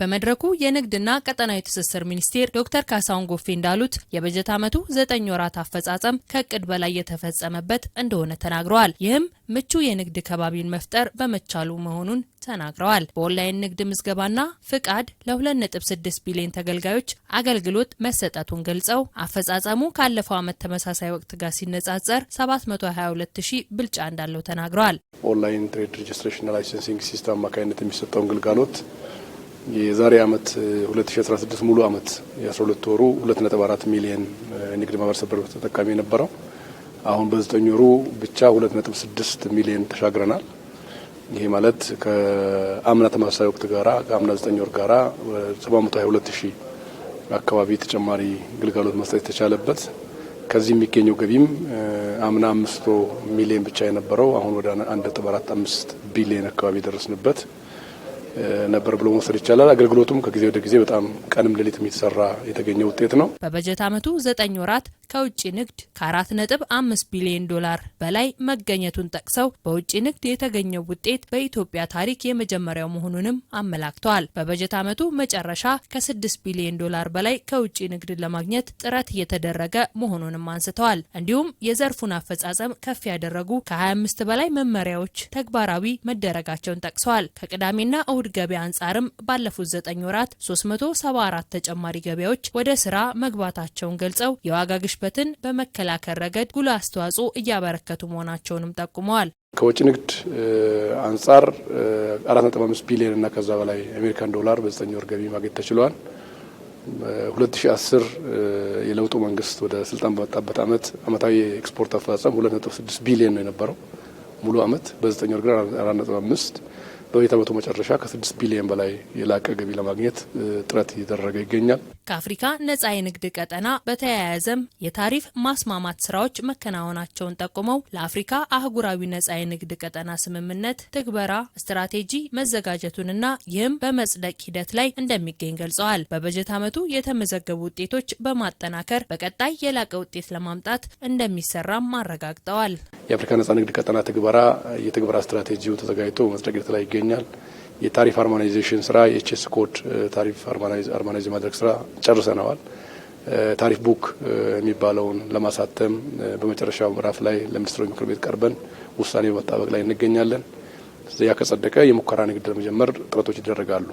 በመድረኩ የንግድና ቀጠናዊ ትስስር ሚኒስቴር ዶክተር ካሳሁን ጎፌ እንዳሉት የበጀት ዓመቱ ዘጠኝ ወራት አፈጻጸም ከእቅድ በላይ የተፈጸመበት እንደሆነ ተናግረዋል። ይህም ምቹ የንግድ ከባቢን መፍጠር በመቻሉ መሆኑን ተናግረዋል። በኦንላይን ንግድ ምዝገባና ፍቃድ ለ2.6 ቢሊዮን ተገልጋዮች አገልግሎት መሰጠቱን ገልጸው አፈጻጸሙ ካለፈው ዓመት ተመሳሳይ ወቅት ጋር ሲነጻጸር 722 ሺህ ብልጫ እንዳለው ተናግረዋል። ኦንላይን ትሬድ ሬጅስትሬሽንና ላይሰንሲንግ ሲስተም አማካኝነት የሚሰጠውን ግልጋሎት የዛሬ አመት 2016 ሙሉ አመት የ12 ወሩ 2.4 ሚሊዮን ንግድ ማህበረሰብ ብር ተጠቃሚ የነበረው አሁን በ9 ወሩ ብቻ 2.6 ሚሊዮን ተሻግረናል። ይሄ ማለት ከአምና ተመሳሳይ ወቅት ጋራ ከአምና 9 ወር ጋራ 722 ሺህ አካባቢ ተጨማሪ ግልጋሎት መስጠት የተቻለበት ከዚህ የሚገኘው ገቢም አምና 500 ሚሊዮን ብቻ የነበረው አሁን ወደ 1.45 ቢሊዮን አካባቢ የደረስንበት ነበር ብሎ መውሰድ ይቻላል። አገልግሎቱም ከጊዜ ወደ ጊዜ በጣም ቀንም ሌሊት የሚሰራ የተገኘ ውጤት ነው። በበጀት ዓመቱ ዘጠኝ ወራት ከውጭ ንግድ ከአራት ነጥብ አምስት ቢሊዮን ዶላር በላይ መገኘቱን ጠቅሰው በውጭ ንግድ የተገኘው ውጤት በኢትዮጵያ ታሪክ የመጀመሪያው መሆኑንም አመላክተዋል። በበጀት ዓመቱ መጨረሻ ከስድስት ቢሊዮን ዶላር በላይ ከውጭ ንግድ ለማግኘት ጥረት እየተደረገ መሆኑንም አንስተዋል። እንዲሁም የዘርፉን አፈጻጸም ከፍ ያደረጉ ከ25 በላይ መመሪያዎች ተግባራዊ መደረጋቸውን ጠቅሰዋል። ከቅዳሜና ከእሁድ ገበያ አንጻርም ባለፉት ዘጠኝ ወራት 374 ተጨማሪ ገበያዎች ወደ ስራ መግባታቸውን ገልጸው የዋጋ ግሽበትን በመከላከል ረገድ ጉልህ አስተዋጽኦ እያበረከቱ መሆናቸውንም ጠቁመዋል። ከወጪ ንግድ አንጻር 4.5 ቢሊዮን እና ከዛ በላይ አሜሪካን ዶላር በዘጠኝ ወር ገቢ ማግኘት ተችሏል። 2010 የለውጡ መንግስት ወደ ስልጣን በመጣበት አመት አመታዊ ኤክስፖርት አፈጻጸም 2.6 ቢሊዮን ነው የነበረው ሙሉ አመት በዘጠኝ ወር ግን 4.5 በቤት አመቱ መጨረሻ ከስድስት ቢሊዮን በላይ የላቀ ገቢ ለማግኘት ጥረት እየተደረገ ይገኛል። ከአፍሪካ ነጻ የንግድ ቀጠና በተያያዘም የታሪፍ ማስማማት ስራዎች መከናወናቸውን ጠቁመው ለአፍሪካ አህጉራዊ ነጻ የንግድ ቀጠና ስምምነት ትግበራ ስትራቴጂ መዘጋጀቱንና ይህም በመጽደቅ ሂደት ላይ እንደሚገኝ ገልጸዋል። በበጀት ዓመቱ የተመዘገቡ ውጤቶች በማጠናከር በቀጣይ የላቀ ውጤት ለማምጣት እንደሚሰራም አረጋግጠዋል። የአፍሪካ ነጻ ንግድ ቀጠና ትግበራ የትግበራ ስትራቴጂው ተዘጋጅቶ መጽደቅ ሂደት ላይ ይገኛል። የታሪፍ ሃርሞናይዜሽን ስራ የኤችኤስ ኮድ ታሪፍ ሃርሞናይዝ ማድረግ ስራ ጨርሰነዋል። ታሪፍ ቡክ የሚባለውን ለማሳተም በመጨረሻው ምዕራፍ ላይ ለሚኒስትሮች ምክር ቤት ቀርበን ውሳኔ በመጣበቅ ላይ እንገኛለን። ያ ከጸደቀ የሙከራ ንግድ ለመጀመር ጥረቶች ይደረጋሉ።